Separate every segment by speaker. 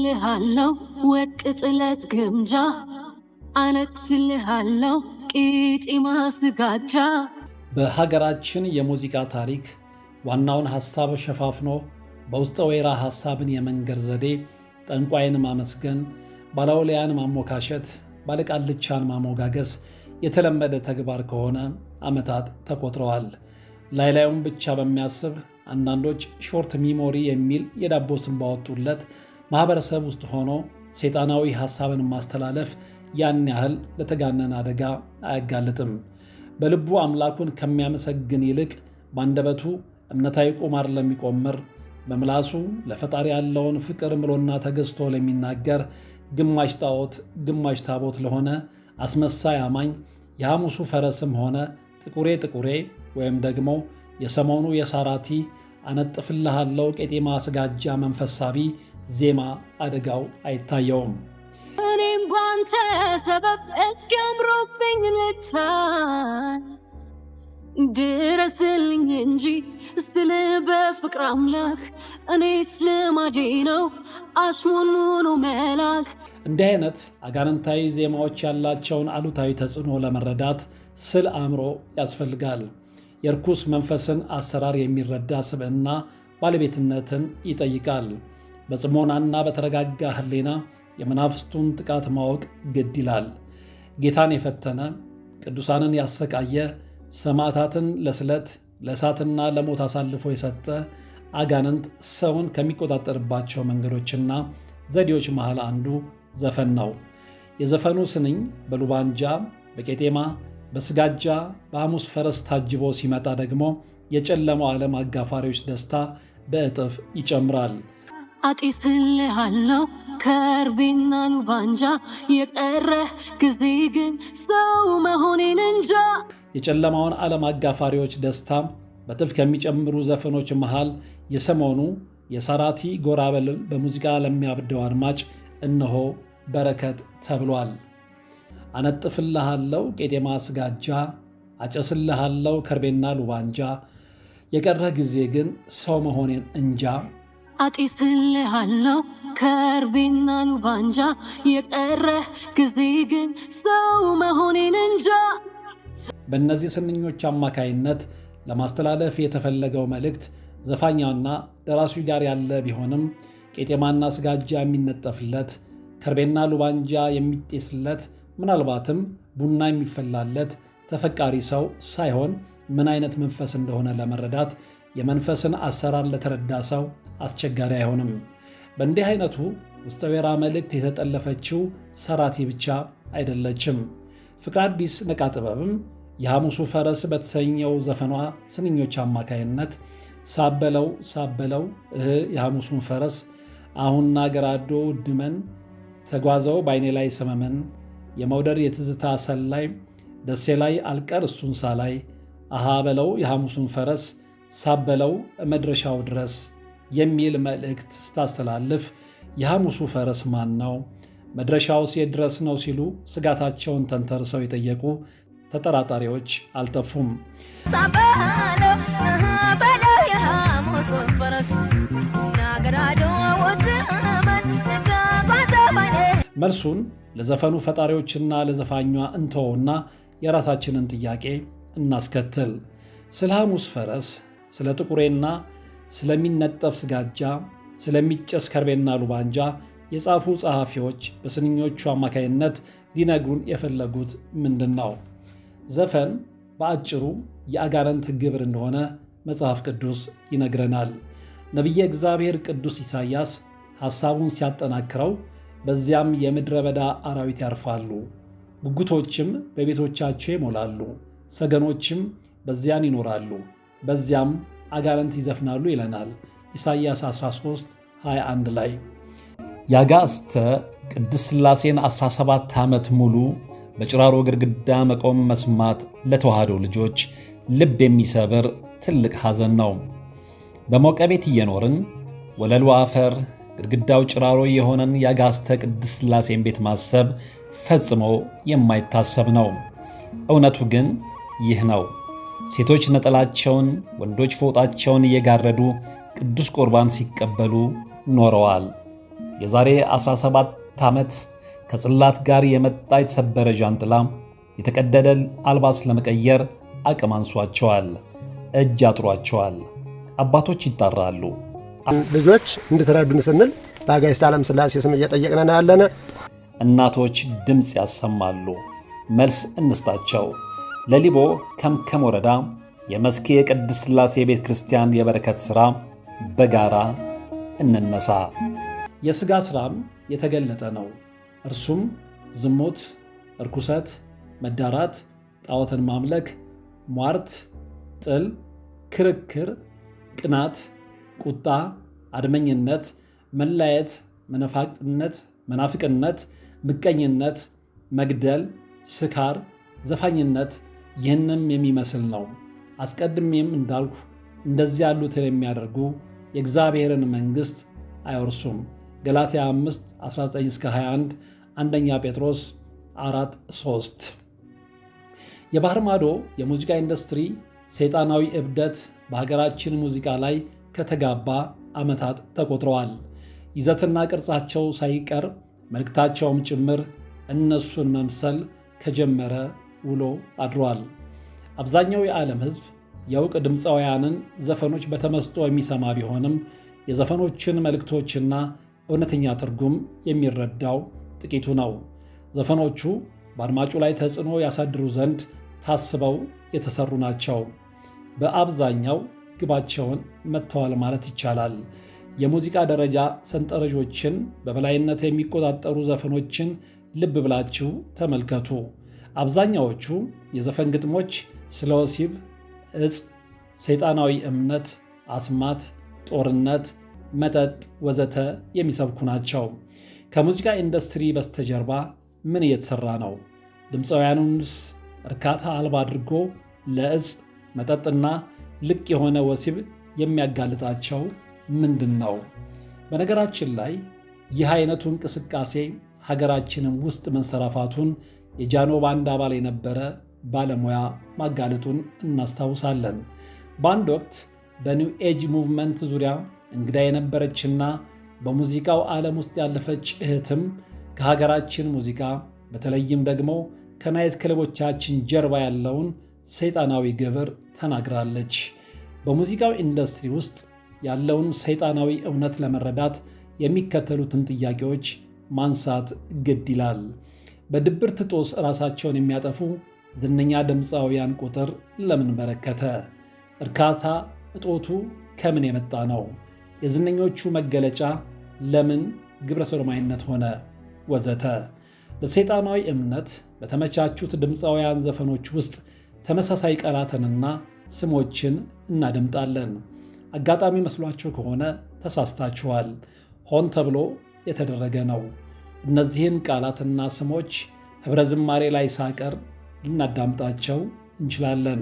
Speaker 1: አነጥፍልሃለው ወርቅ ጥለት ግምጃ አነጥፍልሃለው ቂጢማ ስጋጃ። በሀገራችን የሙዚቃ ታሪክ ዋናውን ሐሳብ ሸፋፍኖ በውስጠ ወይራ ሐሳብን የመንገር ዘዴ ጠንቋይን ማመስገን፣ ባለውሊያን ማሞካሸት፣ ባለቃልቻን ማሞጋገስ የተለመደ ተግባር ከሆነ ዓመታት ተቆጥረዋል። ላይ ላዩን ብቻ በሚያስብ አንዳንዶች ሾርት ሚሞሪ የሚል የዳቦ ስም ባወጡለት ማህበረሰብ ውስጥ ሆኖ ሴጣናዊ ሐሳብን ማስተላለፍ ያን ያህል ለተጋነን አደጋ አያጋልጥም። በልቡ አምላኩን ከሚያመሰግን ይልቅ በአንደበቱ እምነታዊ ቁማር ለሚቆምር፣ በምላሱ ለፈጣሪ ያለውን ፍቅር ምሎና ተገዝቶ ለሚናገር፣ ግማሽ ጣዖት ግማሽ ታቦት ለሆነ አስመሳይ አማኝ የሐሙሱ ፈረስም ሆነ ጥቁሬ ጥቁሬ ወይም ደግሞ የሰሞኑ የሳራቲ አነጥፍልሃለው ቄጤማ ስጋጃ መንፈስ ሳቢ ዜማ አደጋው አይታየውም። እኔም ባንተ ሰበብ እስጀምሮብኝ ልታይ ድረስልኝ እንጂ ስል በፍቅር አምላክ እኔ ስለማጄ ነው አሽሞንሙኑ መላክ። እንዲህ አይነት አጋንንታዊ ዜማዎች ያላቸውን አሉታዊ ተጽዕኖ ለመረዳት ስል አእምሮ ያስፈልጋል። የርኩስ መንፈስን አሰራር የሚረዳ ስብዕና ባለቤትነትን ይጠይቃል። በጽሞናና በተረጋጋ ህሌና የመናፍስቱን ጥቃት ማወቅ ግድ ይላል። ጌታን የፈተነ ቅዱሳንን ያሰቃየ ሰማዕታትን ለስለት ለእሳትና ለሞት አሳልፎ የሰጠ አጋንንት ሰውን ከሚቆጣጠርባቸው መንገዶችና ዘዴዎች መሃል አንዱ ዘፈን ነው። የዘፈኑ ስንኝ በሉባንጃ፣ በቄጤማ በስጋጃ በሐሙስ ፈረስ ታጅቦ ሲመጣ ደግሞ የጨለማው ዓለም አጋፋሪዎች ደስታ በእጥፍ ይጨምራል። አጢስልሃለው ከርቤና ኑባንጃ የቀረ ጊዜ ግን ሰው መሆኔን እንጃ። የጨለማውን ዓለም አጋፋሪዎች ደስታ በእጥፍ ከሚጨምሩ ዘፈኖች መሃል የሰሞኑ የሳራቲ ጎራበል በሙዚቃ ለሚያብደው አድማጭ እነሆ በረከት ተብሏል። አነጥፍልሃለው ቄጤማ ስጋጃ፣ አጨስልሃለው ከርቤና ሉባንጃ፣ የቀረ ጊዜ ግን ሰው መሆኔን እንጃ። አጢስልሃለው ከርቤና ሉባንጃ፣ የቀረ ጊዜ ግን ሰው መሆኔን እንጃ። በእነዚህ ስንኞች አማካይነት ለማስተላለፍ የተፈለገው መልእክት ዘፋኛና ደራሲ ጋር ያለ ቢሆንም ቄጤማና ስጋጃ የሚነጠፍለት ከርቤና ሉባንጃ የሚጤስለት ምናልባትም ቡና የሚፈላለት ተፈቃሪ ሰው ሳይሆን ምን አይነት መንፈስ እንደሆነ ለመረዳት የመንፈስን አሰራር ለተረዳ ሰው አስቸጋሪ አይሆንም። በእንዲህ አይነቱ ውስጠ ወይራ መልእክት የተጠለፈችው ሰራቲ ብቻ አይደለችም። ፍቅረ አዲስ ጥበብም የሐሙሱ ፈረስ በተሰኘው ዘፈኗ ስንኞች አማካይነት ሳበለው ሳበለው እህ የሐሙሱን ፈረስ አሁንና ገራዶ ድመን ተጓዘው በአይኔ ላይ ሰመመን የመውደድ የትዝታ ሰላይ ደሴ ላይ አልቀር እሱን ሳላይ አሃ በለው የሐሙሱን ፈረስ ሳበለው መድረሻው ድረስ የሚል መልእክት ስታስተላልፍ የሐሙሱ ፈረስ ማን ነው? መድረሻውስ የት ድረስ ነው ሲሉ ስጋታቸውን ተንተርሰው የጠየቁ ተጠራጣሪዎች አልጠፉም። ሳበለው የሐሙሱን ፈረስ መልሱን ለዘፈኑ ፈጣሪዎችና ለዘፋኟ እንተወውና የራሳችንን ጥያቄ እናስከትል። ስለ ሐሙስ ፈረስ፣ ስለ ጥቁሬና ስለሚነጠፍ ስጋጃ፣ ስለሚጨስ ከርቤና ሉባንጃ የጻፉ ጸሐፊዎች በስንኞቹ አማካይነት ሊነግሩን የፈለጉት ምንድን ነው? ዘፈን በአጭሩ የአጋረንት ግብር እንደሆነ መጽሐፍ ቅዱስ ይነግረናል። ነቢየ እግዚአብሔር ቅዱስ ኢሳይያስ ሐሳቡን ሲያጠናክረው በዚያም የምድረ በዳ አራዊት ያርፋሉ። ጉጉቶችም በቤቶቻቸው ይሞላሉ፣ ሰገኖችም በዚያን ይኖራሉ፣ በዚያም አጋንንት ይዘፍናሉ ይለናል ኢሳይያስ 13 21 ላይ የአጋስተ ቅድስት ሥላሴን 17 ዓመት ሙሉ በጭራሮ ግድግዳ መቆም መስማት ለተዋህዶ ልጆች ልብ የሚሰብር ትልቅ ሐዘን ነው። በሞቀ ቤት እየኖርን ወለሉ አፈር ግድግዳው ጭራሮ የሆነን የአጋስተ ቅድስት ሥላሴን ቤት ማሰብ ፈጽሞ የማይታሰብ ነው። እውነቱ ግን ይህ ነው። ሴቶች ነጠላቸውን፣ ወንዶች ፎጣቸውን እየጋረዱ ቅዱስ ቁርባን ሲቀበሉ ኖረዋል። የዛሬ 17 ዓመት ከጽላት ጋር የመጣ የተሰበረ ዣንጥላ የተቀደደ አልባስ ለመቀየር አቅም አንሷቸዋል፣ እጅ አጥሯቸዋል። አባቶች ይጣራሉ። ልጆች እንድትረዱን ስንል በአጋዕዝተ ዓለም ሥላሴ ስም እየጠየቅነን ያለነ። እናቶች ድምፅ ያሰማሉ፣ መልስ እንስጣቸው። ለሊቦ ከምከም ወረዳ የመስኬ የቅድስት ሥላሴ ቤተ ክርስቲያን የበረከት ሥራ በጋራ እንነሳ። የሥጋ ሥራም የተገለጠ ነው። እርሱም ዝሙት፣ እርኩሰት፣ መዳራት፣ ጣዖትን ማምለክ፣ ሟርት፣ ጥል፣ ክርክር፣ ቅናት ቁጣ፣ አድመኝነት፣ መላየት፣ መነፋቅነት፣ መናፍቅነት፣ ምቀኝነት፣ መግደል፣ ስካር፣ ዘፋኝነት ይህንም የሚመስል ነው። አስቀድሜም እንዳልኩ እንደዚህ ያሉትን የሚያደርጉ የእግዚአብሔርን መንግሥት አይወርሱም። ገላትያ 5 19-21 አንደኛ ጴጥሮስ 4 3 የባህር ማዶ የሙዚቃ ኢንዱስትሪ ሰይጣናዊ እብደት በሀገራችን ሙዚቃ ላይ ከተጋባ ዓመታት ተቆጥረዋል። ይዘትና ቅርጻቸው ሳይቀር መልእክታቸውም ጭምር እነሱን መምሰል ከጀመረ ውሎ አድሯል። አብዛኛው የዓለም ሕዝብ የእውቅ ድምፃውያንን ዘፈኖች በተመስጦ የሚሰማ ቢሆንም የዘፈኖችን መልእክቶችና እውነተኛ ትርጉም የሚረዳው ጥቂቱ ነው። ዘፈኖቹ በአድማጩ ላይ ተጽዕኖ ያሳድሩ ዘንድ ታስበው የተሰሩ ናቸው። በአብዛኛው ግባቸውን መጥተዋል ማለት ይቻላል። የሙዚቃ ደረጃ ሰንጠረዦችን በበላይነት የሚቆጣጠሩ ዘፈኖችን ልብ ብላችሁ ተመልከቱ። አብዛኛዎቹ የዘፈን ግጥሞች ስለ ወሲብ፣ እጽ፣ ሰይጣናዊ እምነት፣ አስማት፣ ጦርነት፣ መጠጥ ወዘተ የሚሰብኩ ናቸው። ከሙዚቃ ኢንዱስትሪ በስተጀርባ ምን እየተሰራ ነው? ድምፃውያኑንስ እርካታ አልባ አድርጎ ለእጽ መጠጥና ልቅ የሆነ ወሲብ የሚያጋልጣቸው ምንድን ነው? በነገራችን ላይ ይህ አይነቱ እንቅስቃሴ ሀገራችንም ውስጥ መንሰራፋቱን የጃኖ ባንድ አባል የነበረ ባለሙያ ማጋለጡን እናስታውሳለን። በአንድ ወቅት በኒው ኤጅ ሙቭመንት ዙሪያ እንግዳ የነበረችና በሙዚቃው ዓለም ውስጥ ያለፈች እህትም ከሀገራችን ሙዚቃ በተለይም ደግሞ ከናይት ክለቦቻችን ጀርባ ያለውን ሰይጣናዊ ገበር ተናግራለች። በሙዚቃው ኢንዱስትሪ ውስጥ ያለውን ሰይጣናዊ እውነት ለመረዳት የሚከተሉትን ጥያቄዎች ማንሳት ግድ ይላል። በድብርት ጦስ ራሳቸውን የሚያጠፉ ዝነኛ ድምፃውያን ቁጥር ለምን በረከተ? እርካታ እጦቱ ከምን የመጣ ነው? የዝነኞቹ መገለጫ ለምን ግብረ ሰዶማዊነት ሆነ? ወዘተ። ለሰይጣናዊ እምነት በተመቻቹት ድምፃውያን ዘፈኖች ውስጥ ተመሳሳይ ቃላትንና ስሞችን እናደምጣለን። አጋጣሚ መስሏችሁ ከሆነ ተሳስታችኋል። ሆን ተብሎ የተደረገ ነው። እነዚህን ቃላትና ስሞች ኅብረ ዝማሬ ላይ ሳቀር ልናዳምጣቸው እንችላለን።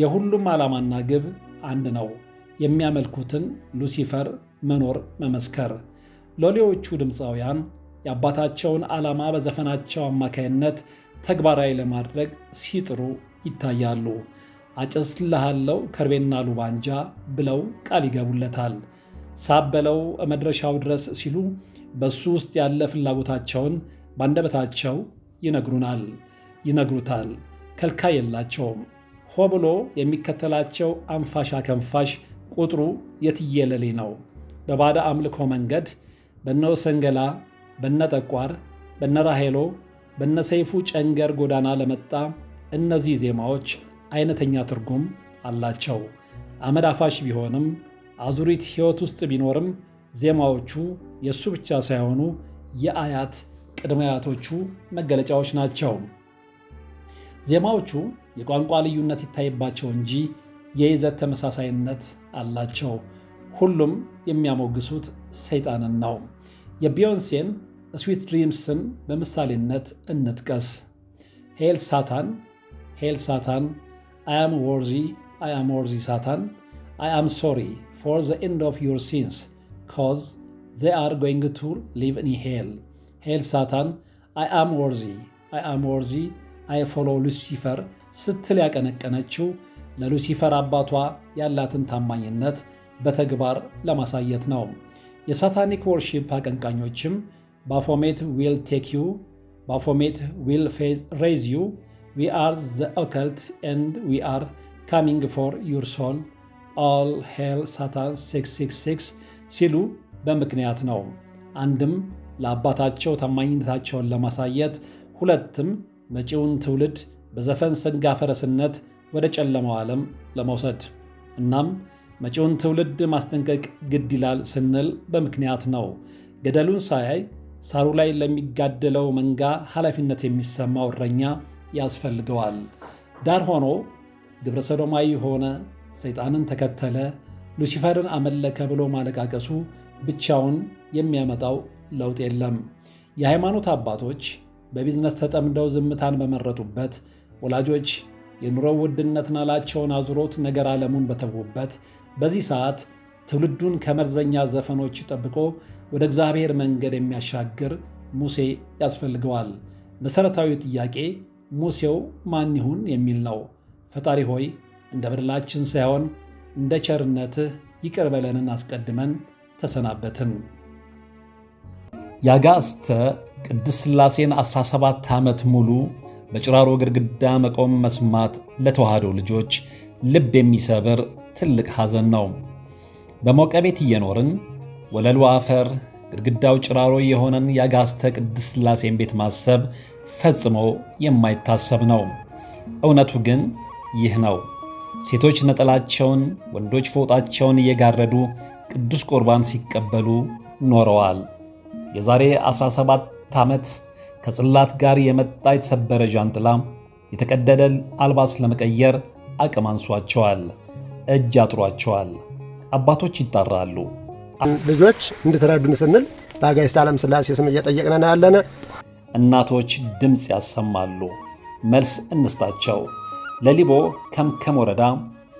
Speaker 1: የሁሉም ዓላማና ግብ አንድ ነው። የሚያመልኩትን ሉሲፈር መኖር መመስከር። ሎሌዎቹ ድምፃውያን የአባታቸውን ዓላማ በዘፈናቸው አማካይነት ተግባራዊ ለማድረግ ሲጥሩ ይታያሉ። አጨስልሃለው ከርቤና ሉባንጃ ብለው ቃል ይገቡለታል። ሳበለው መድረሻው ድረስ ሲሉ በሱ ውስጥ ያለ ፍላጎታቸውን ባንደበታቸው ይነግሩናል፣ ይነግሩታል። ከልካይ የላቸውም። ሆ ብሎ የሚከተላቸው አንፋሽ አከንፋሽ ቁጥሩ የትየለሌ ነው። በባዳ አምልኮ መንገድ በነ ሰንገላ በነ ጠቋር፣ በነ ራሄሎ፣ በነ ሰይፉ ጨንገር ጎዳና ለመጣ እነዚህ ዜማዎች አይነተኛ ትርጉም አላቸው። አመድ አፋሽ ቢሆንም አዙሪት ሕይወት ውስጥ ቢኖርም ዜማዎቹ የእሱ ብቻ ሳይሆኑ የአያት ቅድመ አያቶቹ መገለጫዎች ናቸው። ዜማዎቹ የቋንቋ ልዩነት ይታይባቸው እንጂ የይዘት ተመሳሳይነት አላቸው። ሁሉም የሚያሞግሱት ሰይጣንን ነው። የቢዮንሴን ስዊት ድሪምስን በምሳሌነት እንጥቀስ። ሄል ሳታን ሄል ሳታን አያም ወርዚ አያም ወርዚ ሳታን አያም ሶሪ ፎር ዘ ኤንድ ኦፍ ዩር ሲንስ ካዝ ዘ አር ጎይንግ ቱ ሊቭ ኢን ሄል ሄል ሳታን አያም ወርዚ አያም ወርዚ አይ ፎሎ ሉሲፈር ስትል ያቀነቀነችው ለሉሲፈር አባቷ ያላትን ታማኝነት በተግባር ለማሳየት ነው። የሳታኒክ ወርሺፕ አቀንቃኞችም ባፎሜት ዊል ቴክ ዩ፣ ባፎሜት ዊል ሬዝ ዩ ዊ አር ዘ ኦከልት ኤንድ ዊ አር ካሚንግ ፎር ዩር ሶል ኦል ሄል ሳታን 666 ሲሉ በምክንያት ነው። አንድም ለአባታቸው ታማኝነታቸውን ለማሳየት፣ ሁለትም መጪውን ትውልድ በዘፈን ስጋ ፈረስነት ወደ ጨለማው ዓለም ለመውሰድ። እናም መጪውን ትውልድ ማስጠንቀቅ ግድ ይላል ስንል በምክንያት ነው። ገደሉን ሳያይ ሳሩ ላይ ለሚጋደለው መንጋ ኃላፊነት የሚሰማው እረኛ ያስፈልገዋል። ዳር ሆኖ ግብረ ሰዶማዊ የሆነ ሰይጣንን ተከተለ፣ ሉሲፈርን አመለከ ብሎ ማለቃቀሱ ብቻውን የሚያመጣው ለውጥ የለም። የሃይማኖት አባቶች በቢዝነስ ተጠምደው ዝምታን በመረጡበት፣ ወላጆች የኑሮ ውድነት ናላቸውን አዙሮት ነገር ዓለሙን በተዉበት በዚህ ሰዓት ትውልዱን ከመርዘኛ ዘፈኖች ጠብቆ ወደ እግዚአብሔር መንገድ የሚያሻግር ሙሴ ያስፈልገዋል። መሠረታዊ ጥያቄ ሙሴው ማን ይሁን የሚል ነው። ፈጣሪ ሆይ እንደ በደላችን ሳይሆን እንደ ቸርነትህ ይቅር በለንን አስቀድመን ተሰናበትን። ያጋስተ ቅድስት ሥላሴን 17 ዓመት ሙሉ በጭራሮ ግድግዳ መቆም መስማት ለተዋህዶ ልጆች ልብ የሚሰብር ትልቅ ሐዘን ነው። በሞቀ ቤት እየኖርን ወለሉ አፈር ግድግዳው ጭራሮ የሆነን የአጋስተ ቅድስት ሥላሴን ቤት ማሰብ ፈጽሞ የማይታሰብ ነው። እውነቱ ግን ይህ ነው። ሴቶች ነጠላቸውን፣ ወንዶች ፎጣቸውን እየጋረዱ ቅዱስ ቁርባን ሲቀበሉ ኖረዋል። የዛሬ 17 ዓመት ከጽላት ጋር የመጣ የተሰበረ ዣንጥላ፣ የተቀደደ አልባስ ለመቀየር አቅም አንሷቸዋል፣ እጅ አጥሯቸዋል። አባቶች ይጣራሉ። ልጆች እንድትረዱን ስንል በአጋዕዝተ ዓለም ሥላሴ ስም እየጠየቅነን ያለነ። እናቶች ድምፅ ያሰማሉ፣ መልስ እንስጣቸው። ለሊቦ ከምከም ወረዳ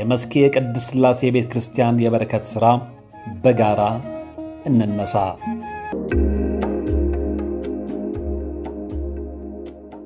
Speaker 1: የመስኬ የቅድስት ሥላሴ ቤተ ክርስቲያን የበረከት ሥራ በጋራ እንነሳ።